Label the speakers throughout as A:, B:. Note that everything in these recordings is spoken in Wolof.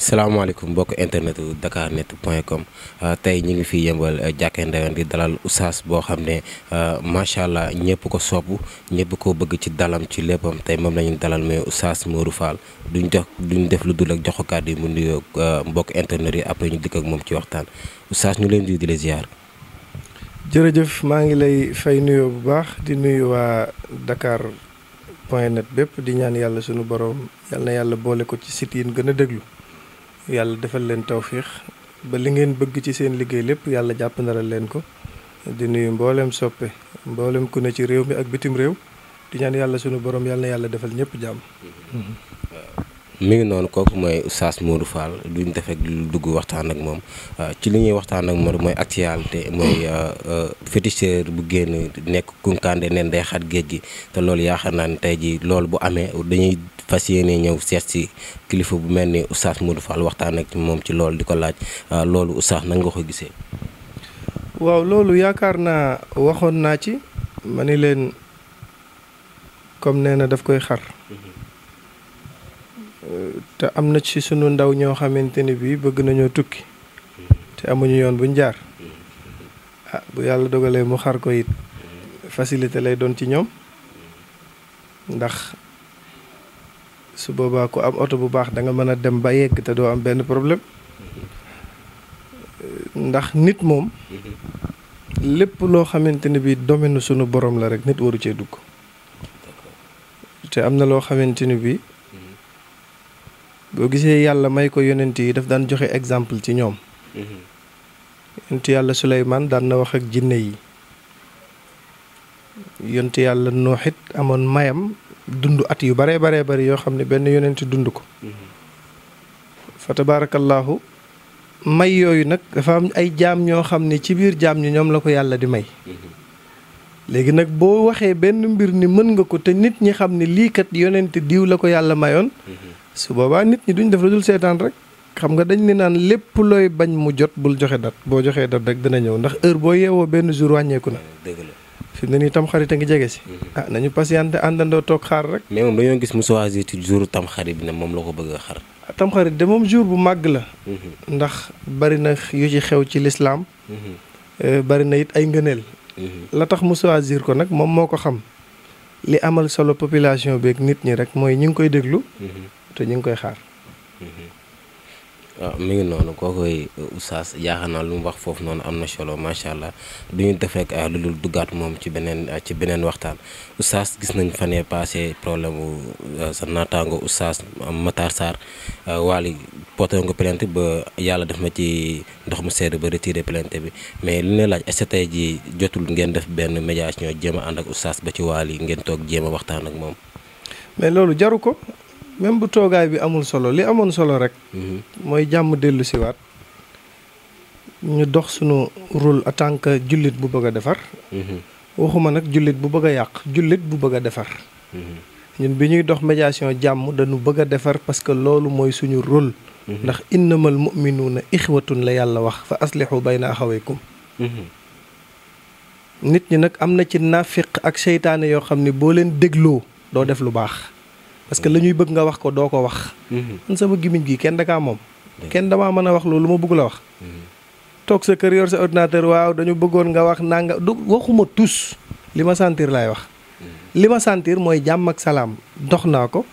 A: salaamaaleykum mbokk internet dakar net point com euh, tey ñu ngi fi yëmbal euh, jàkkee ndewen di dalal oustaz boo xam ne euh, macha allah ñëpp ko sopp ñëpp ko bëgg ci dalam ci léppam tey moom la ñu dalal mooy oustaz Modou Fall duñ jox duñ def lu dul ak jox ko kàddu yi mu nuyoo mbokk internet yi après ñu dikk ak moom ci waxtaan oustaz ñu leen di di la ziar.
B: jërëjëf maa ngi lay fay nuyoo bu baax di nuyu waa Dakar point net bépp di ñaan yàlla sunu borom yal yàlla boole ko ci site yi gën a déglu. yàlla defal leen tawfiix ba li ngeen bëgg ci seen liggéey lépp yàlla jàpp na jàppandalal leen ko di nuyu mboolem soppe mboolem ku ne ci réew mi ak bitim réew di ñaan yàlla sunu boroom yàlla yàlla defal ñëpp jàmm.
A: mu ngi noonu kooku mooy Oustaz Modou Fall duñ def lu dugg waxtaan ak moom ci li ñuy waxtaan ak moom mooy actualité mooy euh, euh, féticheur bu génn nekk kunkande neen day xat géej gi te loolu yaakaar naa tey jii loolu bu amee dañuy fas yéene ñëw seet si kilifa bu mel ni Oustaz Modou Fall waxtaan ak moom ci loolu di ko laaj ah, loolu Oustaz nan nga ko gisee.
B: waaw loolu yaakaar naa waxoon naa ci ma ni leen comme nee na daf koy xar mm-hmm. euh, te am na ci sunu ndaw ñoo xamante ni bii bëgg nañoo tukki mm-hmm. te amuñu yoon buñ jaar
C: mm-hmm.
B: ah bu yàlla dogalee mu xar ko it facilité lay doon ci ñoom ndax su boobaa ku am oto bu baax danga mën a dem ba yegg te doo am benn problème ndax nit moom lépp loo xamante ne bi domaine sunu borom la rek nit waru cee dugg te am na loo xamante ni bi boo gisee yàlla may ko yonent yi daf daan joxe exemple ci ñoom yontu yàlla Suleymaan daan na wax ak jinne yi yontu yàlla nooxit amoon mayam dund at yu baree baree bari yoo xam ne benn yonent dund ko fa tabaarakallaahu may yooyu nag dafa am ay jaam ñoo xam ne ci biir jaam ñi ñoom la ko yàlla di may léegi nag boo waxee benn mbir ni mën nga ko te nit ñi xam ne liikat kat diw la ko yàlla mayoon su boobaa nit ñi duñ def la dul seetaan rek xam nga dañ ne naan lépp looy bañ mu jot bul joxe dat boo joxee dat rek dina ñëw ndax heure boo yeewoo benn jour wàññeeku na fi mu ne nii tam a ngi jege si. Mhm. ah nañu patienté
A: àndandoo toog xaar rek. mais moom dañoo gis mu choisir ci jour tam bi ne moom la ko bëgg a xar.
B: Ah, tam de moom jour bu màgg la. Mhm. ndax bari na yu ci xew ci lislaam mhm. eh, bari na it ay ngëneel. la tax mu choisir ko nag moom moo ko xam. li amal solo population beeg nit ñi rek mooy ñu ngi koy déglu. te ñu ngi koy xaar.
A: waaw ah, mi ngi noonu kookoy uh, oustaz yaakaar naa lu mu wax foofu noonu am na solo macha allah du ñu def rek ah, lu dul duggaat moom ci beneen ah, ci beneen waxtaan oustaz gis nañ fan yee passé problème wu sa naataango oustaz Matar Sarr waali porté nga plainte ba yàlla def ma ci ndox mu sedd ba retiré plainte bi mais li ne laaj est-ce tey jii jotul ngeen def benn médiation jéem a ànd ak oustaz ba ci yi ngeen toog jéem a waxtaan ak moom.
B: mais loolu jaru ko. même bu toogaay bi amul solo li amoon solo rek. Mhm. mooy jàmm dellu siwaat ñu dox sunu rôle en tant que jullit bu bëgg a defar. Mhm. waxuma nag jullit bu bëgg a yàq jullit bu bëgg a defar. Mhm. ñun bi ñuy dox médiation jàmm dañu bëgg a defar parce que loolu mooy suñu rôle. ndax innamal muminuuna ixwatun la yàlla wax fa aslihu bayna axawaykum nit ñi nag am na ci nafiq ak seytaane yoo xam ne boo leen dégloo doo def lu baax. parce que la ñuy bëgg nga wax ko doo ko wax. Mm-hmm. man sama gimiñ gi kenn dakaa moom. kenn damaa mën a wax loolu ma bëgg la wax. Mm-hmm. toog sa kër yor sa ordinateur waaw dañu bëggoon nga wax nanga du waxuma tus li ma sentir laay wax. Mm-hmm. li ma santiir mooy jàmm ak salaam dox naa ko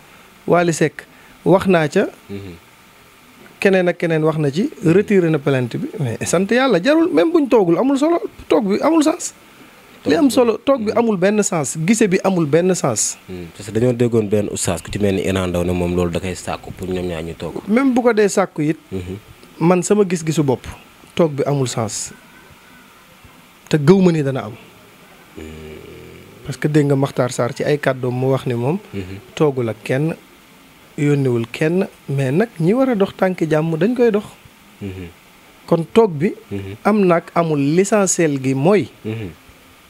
B: Wally Seck wax naa ca. keneen ak keneen wax na ci retiré na plainte bi mais sant yàlla jarul même buñ toogul amul solo toog bi amul sens. li am solo toog bi hmm. amul benn sance gise bi amul benn
A: sance hmm, parce que dañoo déggoon benn oustaz ku ci mel ni Iran Ndao ne moom loolu da koy sàkku pour ñoom ñaa ñu toog.
B: même bu ko dee sàkku it.
A: Hmm. man sama gis-gisu bopp toog bi amul sens
B: te gëw ma ni dana am. parce que dégg nga Makhtar Sarr ci ay kàddoom mu wax ni moom. toogul ak kenn yónniwul kenn mais nag ñi war a dox tànk jàmm dañ koy dox. kon toog bi. am nag amul l'essentiel gi mooy.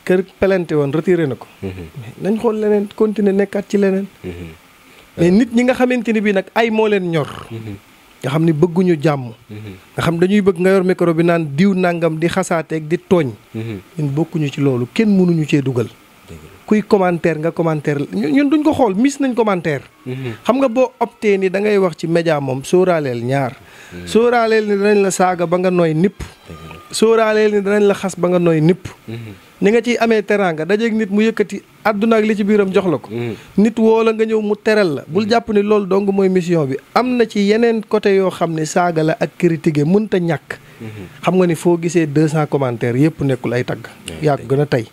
B: kër pelante woon retiré na ko. Mhm. nañ xool leneen continuer nekkaat ci leneen. Mhm. mais euh. nit ñi nga xamante ni bii nag ay moo leen ñor. Mhm. nga xam ni bëgguñu jàmm. nga xam dañuy bëgg nga yor micro bi naan diw nangam di xasaateeg di tooñ. ñun bokkuñu ci loolu kenn mënuñu cee dugal. kuy commentaire nga commentaire ñun duñ ko xool miis nañ commentaire. xam nga boo optee ni da ngay wax ci média moom sooraaleel ñaar. sóoraaleel ni danañ la saaga ba nga nooy nipp. sóoraaleel ni danañ la xas ba nga nooy nipp mm-hmm. ni nga ciy amee teraanga dajeeg nit mu yëkkati àdduna ak li ci biiram jox la ko mm-hmm. nit woo la nga ñëw mu teral la bul mm-hmm. jàpp ni loolu dong mooy mission bi am na ci yeneen côté yoo xam ne saaga la ak critiquer mënta ñàkk xam nga ni foo gisee deux cent commentaires yëpp nekkul ay tagg yaa ko gën a tey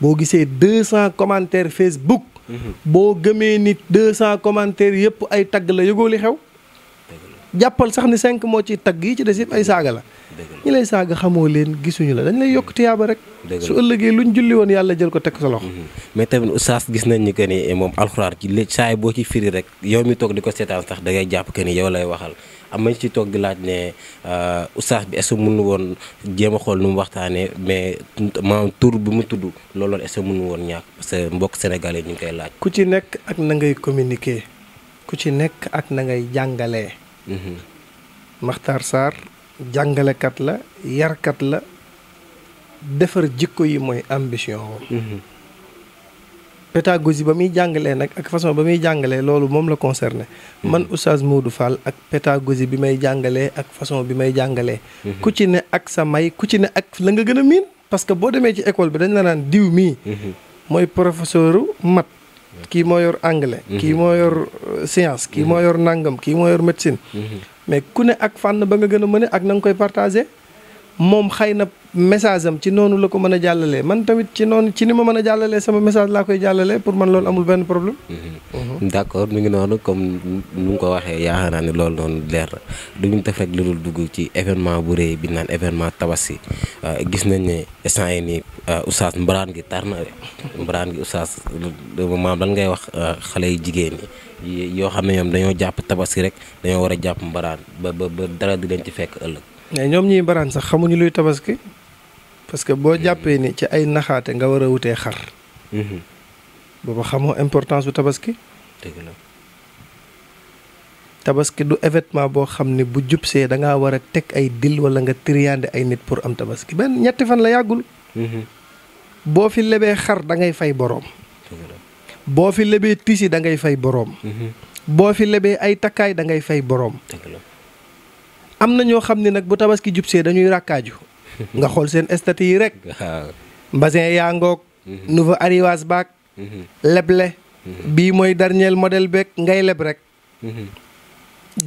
B: boo gisee deux cent commentaires Facebook boo gëmee nit deux cent commentaires yëpp ay tagg la yëgoo li xew jàppal sax ni cinq moo ci tag yi ci des yëpp ay saaga la ñu lay saaga xamoo leen gisuñu la dañ lay yokk tiyaaba rek su ëllëgee luñ julli woon yàlla jël ko teg sa loxo mm-hmm.
A: mais tamit oustaz gis nañ ni que ni eh, moom alxuraan ci léegi saa yi boo ci firi rek yow mi toog di ko seetaan sax da ngay jàpp que ni yow lay waxal am nañ ci toog di laaj ne euh, oustaz bi est-ce que woon jéem a xool nu mu waxtaanee mais maanaam tur bi mu tudd looloon est-ce que woon ñàkk parce que mbokk sénégalais ñu ngi koy laaj
B: ku ci nekk ak na ngay communiquer ku ci nekk ak na ngay jàngalee Makhtar Sarr jàngalekat la yarkat la defar jikko yi mooy ambition woon mhm. pédagogie ba muy jàngalee nag ak façon ba muy jàngalee loolu moom la concerné mhm. man oustaz Modou Fall ak pédagogie bi may jàngalee ak façon bi may jàngalee mhm. ku ci ne ak sa may ku ci ne ak la nga gën a miin parce que boo demee ci école bi dañ la naan diw mii mooy professeur mat kii moo yor anglais. kii mhm. moo yor euh, science. kii mhm. moo yor nangam kii moo yor médecine. Mhm. mais ku ne ak fànn ba nga gën a mën ak na nga koy partagé. moom xëy na message am ci noonu la ko mën a jàllalee man tamit ci noonu ci ni ma mën a jàllalee sama message laa koy jàllale pour man loolu amul benn problème.
A: Mm-hmm. d'accord mi ngi noonu comme nu nga ko waxee yaakaar naa ne loolu noonu leer na du ñu def rek lu dugg ci événement bu rëy bi naan événement tabaski euh, gis nañ ne instant yii nii euh, oustaz mbaraan gi tar na de mbaraan gi oustaz maam lan ngay wax euh, xale yi jigéen ñi yoo xam ne ñoom dañoo jàpp tabas tabaski rek dañoo war a jàpp mbaraan ba ba dara di leen ci fekk ëllëg.
B: mais ñoom ñuy baraan sax xamuñu luy tabaski parce que boo jàppee ni ci ay naxaate nga war a wutee xar. Mhm. booba xamoo importance bu tabaski. dëgg tabaski du évétement boo xam ne bu jubsee da ngaa war a teg ay dil wala nga triande ay nit pour am tabaski benn ñetti fan la yàggul. Mhm. boo fi lebee xar dangay fay boroom. boo fi lebee tisi da ngay fay boroom. Mhm. boo fi lebee ay takkaay da ngay fay boroom. am na ñoo xam ne nag bu tabaski jubsee dañuy rakkaaju nga xool seen statut yi rek mbasin yaa ngoog mhm. nouveau arrivage baak mhm. leble mhm. bii mooy dernier modèle beeg ngay leb rek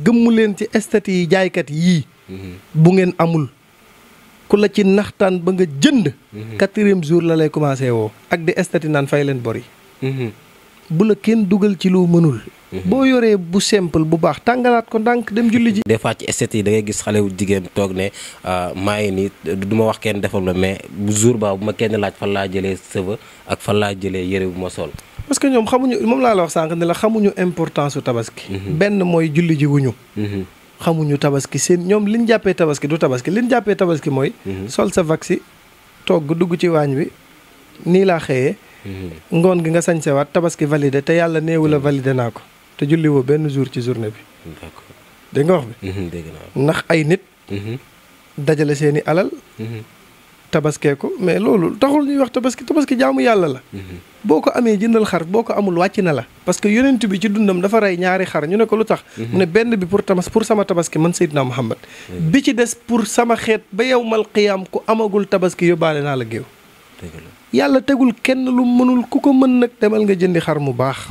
B: gëmmu leen ci statut yi jaaykat yii bu ngeen amul ku la ci naxtaan ba nga jënd quatrième jour la lay commencé woo ak di estati naan fay leen bori bu la kenn dugal ci lu mënul Mhm. boo yoree bu simple bu baax
A: tàngalaat ko ndànk dem julli ji. des fois ci esthète yi dangay gis xale jigéen toog ne ah, maa ngi nii du ma wax kenn defal la mais bu jour ba bu ma kenn laaj fan laa jëlee sëba ak fan laa jëlee yëre bu ma sol. parce que ñoom xamuñu moom laa la wax sànq ne la xamuñu importance su tabaski. Mhm. benn mooy julli ji wuñu. Mhm.
B: xamuñu tabaski seen ñoom liñ jàppee tabaski du tabaski liñ jàppee tabaski mooy. sol sa vaccin togg dugg ci waañ wi nii laa xëyee. ngoon gi nga sañsewaat tabaski validé te yàlla néewu la naa ko. te julliwoo benn jour ci journée bi.
C: d'accord nga wax bi. Mhm, ndax ay nit. Mhm.
B: dajale seeni alal. Mhm. tabaskee ko mais loolu taxul ñuy wax tabaski tabaski jaamu yàlla la. boo ko amee jëndal xar boo ko amul wàcc na la. parce que yonent bi ci dundam dafa rey ñaari xar ñu ne ko lu tax. mu ne benn bi pour tamas pour sama tabaski man Seydina Muhammad bi ci des pour sama xeet ba yawmal qiyaam ku amagul tabaski yóbbaale naa la géew. yàlla tegul kenn lu mënul ku ko mën nag demal nga jëndi xar mu baax.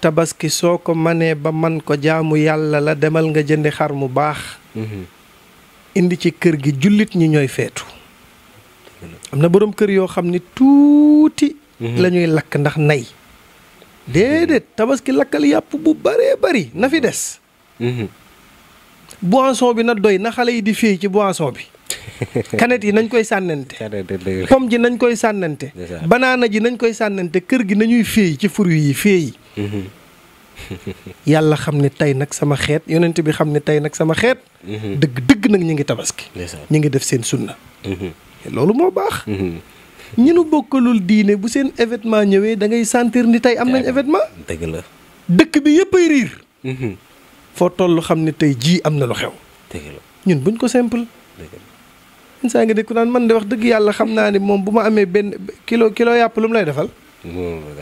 B: tabaski soo ko manee ba man ko jaamu yàlla la demal nga jëndi xar mu baax mhm. indi ci kër gi jullit ñi ñooy feetu am na boroom kër yoo xam ni tuuti mhm. la ñuy lakk ndax nay mhm. déedéet tabaski lakkal yàpp bu baree bari na fi des boisson bi na doy na xale yi di fii ci boisson bi
A: kanet yi
B: nañ koy sànnante pomme ji nañ koy sànnante banaana ji nañ koy sànnante kër gi nañuy féey ci fur yi féey
C: mm-hmm.
B: yàlla xam ne tey nag sama xeet yonent bi xam ne tey nag sama xeet
C: mm-hmm. dëgg dëgg nag ñu ngi tabaski
B: ñu ngi def seen sunna mm-hmm. loolu moo baax ñu nu bokkalul diine bu seen événement ñëwee dangay sentir ni tey am nañ événement dëgg la dëkk bi yëpp ay riir foo toll xam ne tey jii am na lu xew ñun saa nga dégg ku naan man de wax dëgg yàlla xam naa ne moom bu ma amee benn kilo kilo yàpp lu mu lay defal.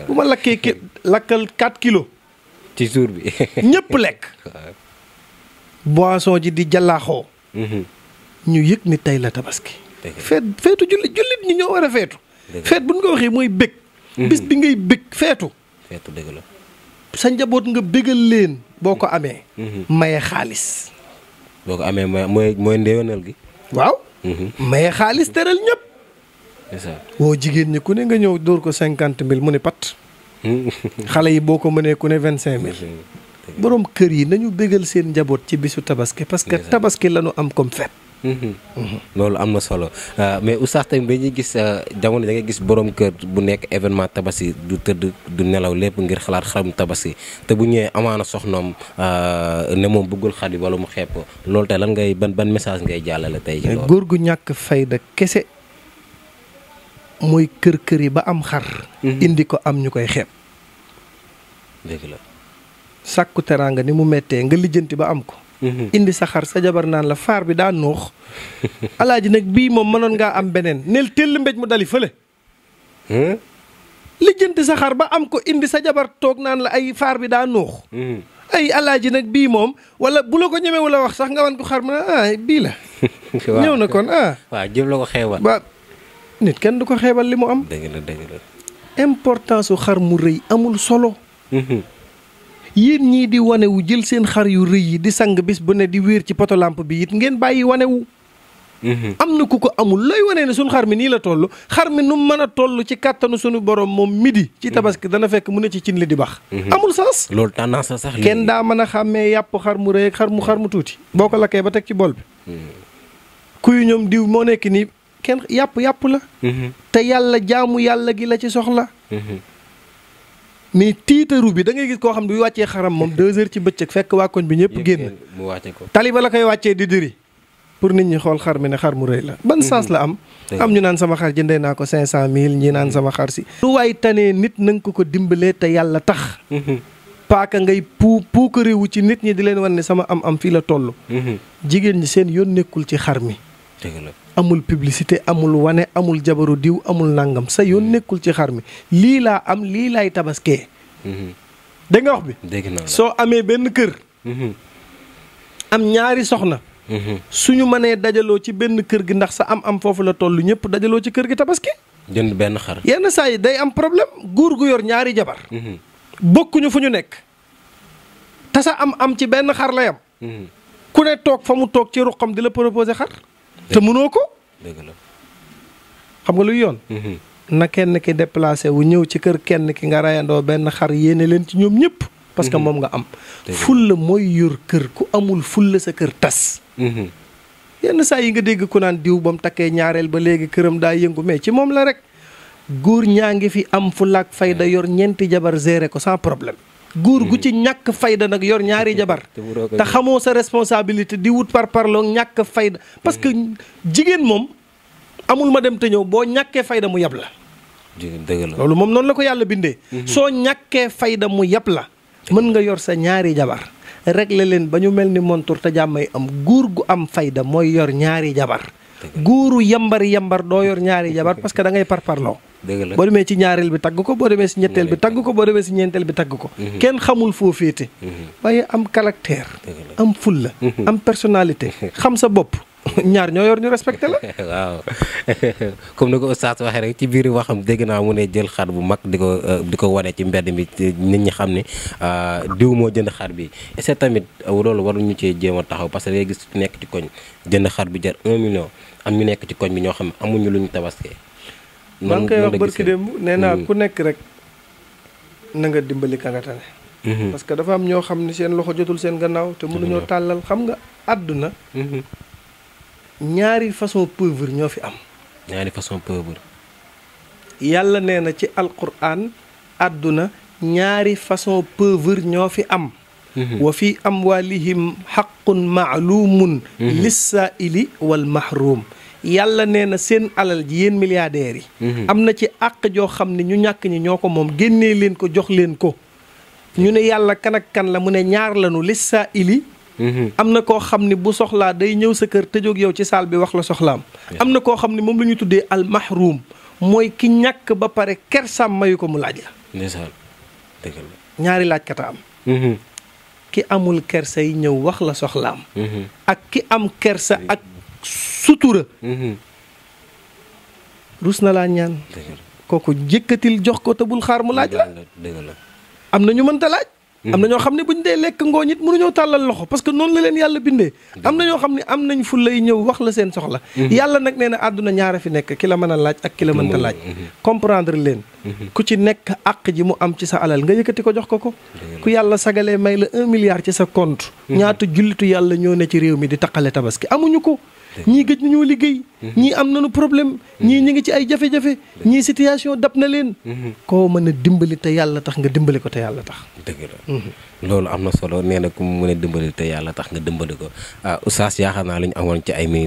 B: bu ma lakkee ki lakkal 4 kilos. ci jour bi. ñëpp lekk. boisson ji di jallaaxoo. Mhm. ñu yëg ni tey la tabaski. feet feetu jullit jullit ñi ñoo war a feetu. feet bu ñu ko waxee mooy bég. Mhm. bis bi ngay bég feetu. feetu dëgg la. sa njaboot nga bégal leen boo ko amee. Mhm. maye xaalis.
A: boo ko amee maye mooy mooy gi. waaw.
B: mais xaalis teral ñëpp. woo jigéen ñi ku ne nga ñëw dóor ko cinquante mille mu ne pat. xale yi boo ko mënee ku ne vingt cinq mille. borom kër yi nañu bégal seen njaboot ci bisu tabaski parce que tabaski lañu am comme fête.
A: Mhm. loolu am na solo euh, mais oustaz tamit ba ñuy gis euh, jamono da ngay gis boroom kër bu nekk événement tabaski du tëdd du nelaw lépp ngir xalaat xarum tabaski te bu ñëwee amaana soxnaam euh, ne moom bëggul yi wala mu xeeb ko loolu tey lan ngay ban ban message ngay jàllale tey. ci góor
B: gu ñàkk fayda kese mooy kër kër yi ba am xar. Mhm. indi ko am ñu koy xeeb. dëgg la. sàkku teraanga ni mu méttee nga lijjanti ba am ko.
A: Mhm.
C: indi
B: sa xar sa jabar naan la faar bi daa noox alaaji nag bii moom mënoon ngaa am beneen nel tëll mbéj mu dali fële lijjanti sa xar ba am ko indi sa jabar toog naan la ay faar bi daa noox mhm. ay alaaji nag bii moom wala bu la ko ñemewu la wax sax nga wan ko xar ma ah bii la
A: ñëw na kon ah waaw jëm la ko xeebal ba
B: nit kenn du ko xeebal li mu am dëgg la su xar mu rëy amul solo mhm. yéen ñii di wane wu jël seen xar yu rëy yi di sang bis bu ne di wéer ci poto lampe bi it ngeen bàyyi wanewu mhm. am na ku ko amul looy wane ne suñ xar mi nii la toll xar mi nu mën a toll ci kàttanu sunu borom moom midi ci mhm. tabaski dana fekk mu ne ci cin li di baax mhm. amul
A: sens loolu tendance sax kenn daa mën
B: a xàmmee yàpp xar mu rëy ak xar mu xar mu tuuti boo ko lakkee ba teg ci bool bi kuy ñoom diw moo nekk nii kenn yàpp yàpp la te yàlla jaamu yàlla gi la ci soxla mais tiitaru bi da ngay gis koo xam ne bu wàccee xaram moom deux heures ci bëccëg fekk waa koñ bi ñëpp génn taliba la koy wàccee di diri pour nit ñi xool xar mi ne xar mu rëy la ban mhm. sens la am am ñu naan sama xar jëndee naa ko cin cent mille ñi naan mhm. sama xar si lu waay tane nit nanga ko ko dimbalee te yàlla tax mhm. paaka ngay puu puukaréwu ci nit ñi di leen wan ne sama am am fii la toll jigéen ñi seen yoon nekkul ci xar mi amul publicité amul wane amul jabaru diw amul nangam sa yoon mm-hmm. nekkul ci xar mi lii laa am lii laay tabaskee. Mm-hmm. dégg nga wax bi. soo amee benn kër. Mm-hmm. am ñaari soxna. suñu mënee dajaloo ci benn kër gi ndax sa am-am foofu la toll ñëpp dajaloo ci kër gi tabaski.
A: jënd benn xar.
B: yenn saa yi day am problème góor gu yor ñaari jabar. bokkuñu fu ñu nekk. te sa am-am ci benn xar la ku ne toog fa mu toog ci ruqam di la proposer xar. te munoo ko. dëgg xam nga luy yoon. Mm-hmm. na kenn ki déplacé wu ñëw ci kër kenn ki nga rayandoo benn xar yéene leen ci ñoom ñëpp. parce que mm-hmm. moom nga am. fulla mooy yor kër ku amul fulla sa kër tas. Mm-hmm. yenn saa yi nga dégg ku naan diw ba mu takkee ñaareel ba léegi këram daa yëngu mais ci moom la rek góor ñaa ngi fi am fu laak fayda yor ñeenti jabar gérer ko sans problème. góor gu mm-hmm. ci ñàkk fayda nag yor ñaari jabar te xamoo sa responsabilité di wut par parloo ñàkk fayda parce que mm-hmm. jigéen moom amul ma dem te ñëw boo ñàkkee fayda mu yab la loolu moom noonu la ko yàlla bindee mm-hmm. soo ñàkkee fayda mu yab la mën nga yor sa ñaari jabar rek la leen ba ñu mel ni montur te jàmmay am góor gu am fayda mooy yor ñaari jabar góoru yambar yambar doo yor ñaari jabar parce que da ngay parparloo
A: dëgg la boo demee
B: ci ñaareel bi tagg ko boo demee si ñetteel bi tagg ko boo demee si ñeenteel bi tagg
C: ko
A: mhm. kenn
B: xamul foo féete mhm. waaye am caractère am fulla mhm. am personnalité xam sa bopp ñaar ñoo yor ñu respecté
A: la. waaw comme ni ko Oustaz waxee rek ci biir waxam dégg naa mu ne jël xar bu mag di ko euh, di ko ci mbedd mi nit ñi xam ne euh, diw moo jënd xar bi est ce que tamit euh, loolu waruñu cee jéem a taxaw parce que léegi gis nekk ci koñ jënd xar bi jar un million am ñu nekk ci koñ bi ñoo xam amuñu lu ñu tabaskee. maa ngi koy wax barki démb nee naa mm-hmm. ku
B: nekk rek na nga dimbali ka nga mm-hmm. que dafa am ñoo xam ne seen loxo jotul seen gannaaw te mënuñoo tàllal xam nga àdduna mm-hmm. ñaari façon pauvre ñoo fi
A: am ñaari façon pauvre
B: yàlla nee na ci alquran ñaari façon pauvre ñoo fi am wa fi amwalihim xaqun maalumun lissaili wal mahrum yàlla nee na seen alal ji yéen milliardaires yi. Mhm. am na ci àq joo xam ne ñu ñàkk ñi ñoo ko moom génne leen ko jox leen ko. ñu ne yàlla kan ak kan la mu ne ñaar lañu lis saa ili. Mhm. am na koo xam ne bu soxlaa day ñëw sa kër tëjoog yow ci saal bi wax la soxlaam. am na koo xam ne moom la ñu tuddee almahrum mooy ki ñàkk ba pare kersaam mayu ko mu laaj la.
A: ndeysaan dëgg la
B: ñaari laajkat a am. Mhm. ki amul kersa yi ñëw wax la soxlaam. ak ki am kersa ak. sutura mm-hmm. rus na laa ñaan kooku jëkkatil jox ko te bul xaar mu laaj la am na ñu mënta laaj mm-hmm. am na ñoo xam ne buñ dee lekk ñit it ñëw tàllal loxo parce que noonu la leen yàlla bindee am na ñoo xam ni am nañ fu lay ñëw wax la seen soxla mm-hmm. yàlla nag nee na àdduna ñaara fi nekk ki la mën a laaj ak ki la mënta laaj comprendre leen ku ci nekk àq ji mu am ci sa alal nga yëkkati ko jox ko ko ku yàlla sagalee may la un milliard ci sa compte ñaata jullitu yàlla ñoo ne ci réew mi di taqale tabaski amuñu ko ñii gëj nañoo liggéey ñii am na nañu problème ñii ñi ngi ci ay jafe-jafe ñii situation dab na leen koo mën a dimbali te yàlla tax nga dimbali ko te yàlla tax
A: dëgg la mhm. loolu am na solo nee na ku mu mën a dimbali te yàlla tax nga dimbali ko ah oustaz naa li amoon ci ay mi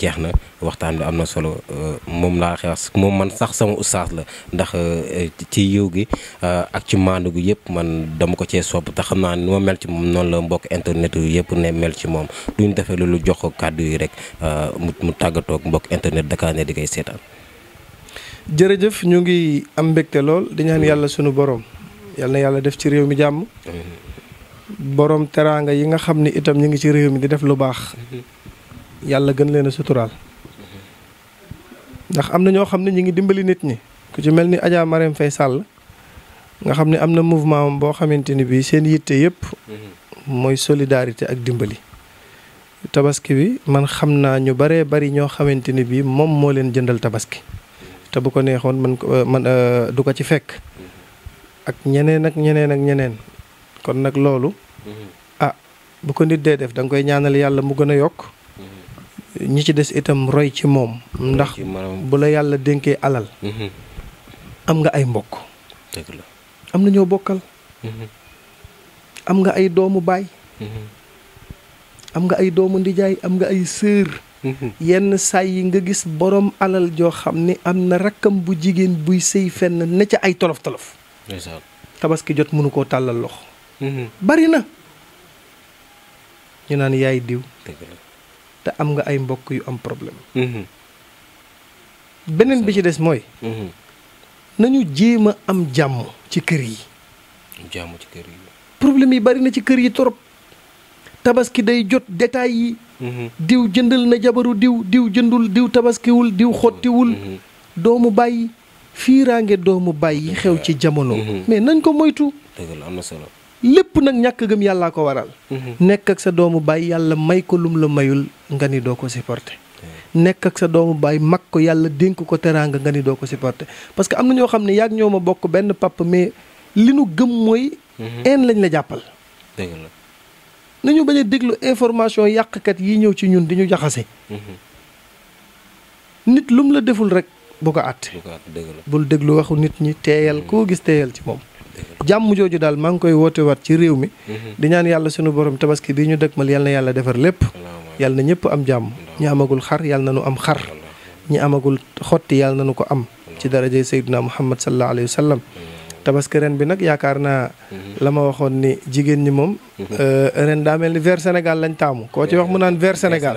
A: jeex na waxtaan bi am na solo euh, moom laa xeex moom man sax sama oustaz la ndax euh, ci yiw gi euh, ak ci maandu gi yëpp man dama ko cee sopp te xam naa ni ma mel ci moom noonu la mbokk internet yu yëpp ne mel ci moom duñ defee loolu jox ko kàddu yi rek mu mu tàggat tàggatoo mbokk internet Dakar di koy seetaan.
B: jërëjëf ñu ngi am mbégte lool di ñaan yàlla sunu boroom yàlla yàlla def ci réew mi jàmm. boroom teraanga yi nga xam ni itam ñu ngi ci réew mi di def lu baax. yàlla gën leen a suturaal. ndax am na ñoo xam ne ñu ngi dimbali nit ñi. ku ci mel ni Adja Marème Faye Sall nga xam ne am na mouvement boo xamante ni bii seen yitte yëpp. Mhm. mooy solidarité ak dimbali. tabaski bi man xam naa ñu baree bari ñoo xamante ni bii moom moo leen jëndal tabaski te bu ko neexoon man euh, man euh, du ko ci fekk ak ñeneen ak ñeneen ak ñeneen kon nag loolu ah bu ko nit dee def danga koy ñaanal yàlla mu gën a yokk ñi ci des itam roy ci moom ndax bu la yàlla dénkee alal mhm. am nga ay mbokk am na ñoo bokkal mhm. am nga ay doomu baay mhm. am nga ay doomu ndijaay am nga ay sœur mhm. yenn saa nga gis boroom alal joo xam ne am na rakkam bu jigéen buy sëy fenn ne ca ay tolof tolof tabaski jot mënu koo tàllal loxo mhm. bari na ñu naan yaay diw te am nga ay mbokk yu am problème mhm. beneen bi ci des mooy nañu jéem a am jàmm ci kër yi
A: jàmm ci kër yi
B: problème bari na ci kër yi torop tabaski day jot détails yi mm-hmm. diw jëndal na jabaru diw diw jëndul diw tabaskiwul diw xottiwul mm-hmm. doomu bàyyi fiiraange doomu bàyyi xew ci jamono mm-hmm. mais nañ ko moytu
A: dëgg na solo
B: lépp nag ñàkk gëm yàllaa ko waral nekk ak sa doomu bàyyi yàlla may ko lum la mayul nga ni doo ko supporter nekk ak sa doomu baay mag ko yàlla dénk ko teraanga nga ni doo ko supporter parce que am na ñoo xam ne yaag ñoo ma bokk benn papp mais li nu gëm mooy. een lañ la jàppal. nañu bañ a déglu information yàqkat yi ñëw ci ñun di ñu jaxase. Mm-hmm. nit lum la deful rek bu ko àtte. bul déglu waxu nit ñi teeyal mm-hmm. koo gis teeyal ci moom. jàmm jooju daal maa ngi koy woote waat ci réew mi. Mm-hmm. di ñaan yàlla sunu boroom tabaski bii ñu dëkkmal mal na yàlla defar lépp. yal na ñëpp am jàmm. ñi amagul xar yàlla na nu am xar. ñu amagul xotti yàlla na nu ko am. ci darajay Seydina Muhammad sallallahu alayhi wa sallam. tabaski ren bi nag yaakaar naa. la ma waxoon ni jigéen ñi moom. Euh, ren daa mel ni vers Sénégal lañ taamu. koo ci wax mu naan vers Sénégal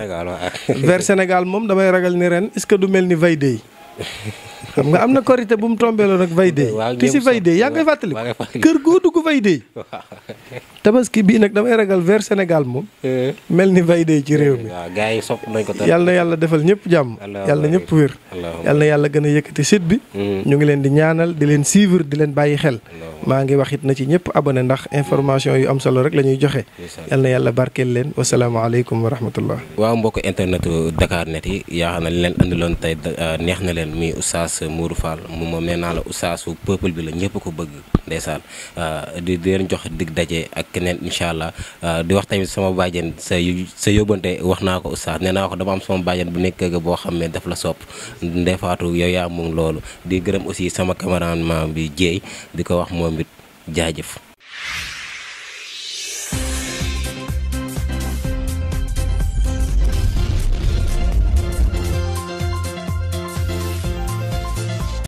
B: vers Sénégal moom damay ragal ni ren est-ce que du mel ni Veyde yi xam nga am na korité bu mu tombé loon ak Vaydee. waaw si Vaydee yaa ngi koy fàttali kër goo dugg Vaydee. tabaski bii nag damay ragal ver senegal moom. Eh. mel ni Vaydee ci réew mi. waaw gars yi sopp nañ ko yal na yàlla defal ñëpp jàmm. yal na ñëpp wér. yal na yàlla gën a yëkkati site bi. Hmm. ñu ngi leen di ñaanal di leen suivre di leen bàyyi xel. maa ngi wax it na ci ñëpp abonné ndax information yu am solo rek la ñuy joxe. yal na yàlla barkeel leen wasalaamaaleykum wa rahmatullah.
A: waaw mbokk internet Dakar net yi yaa xam oustaz Mourou Fall moom moom nee naa la oustaasu peuple bi la ñëpp ko bëgg ndeysaan euh, di di leen jox dig daje ak keneen incha allah euh, di wax tamit sama bàjjen sa sa yóbbante wax naa ko oustaz nee naa ko dama am sama bàjjen bu nekk ga boo xam ne daf la sopp ndefaatu yow yaa moom loolu di gërëm aussi sama cameraman bi Dieye di ko wax moom it jaajëf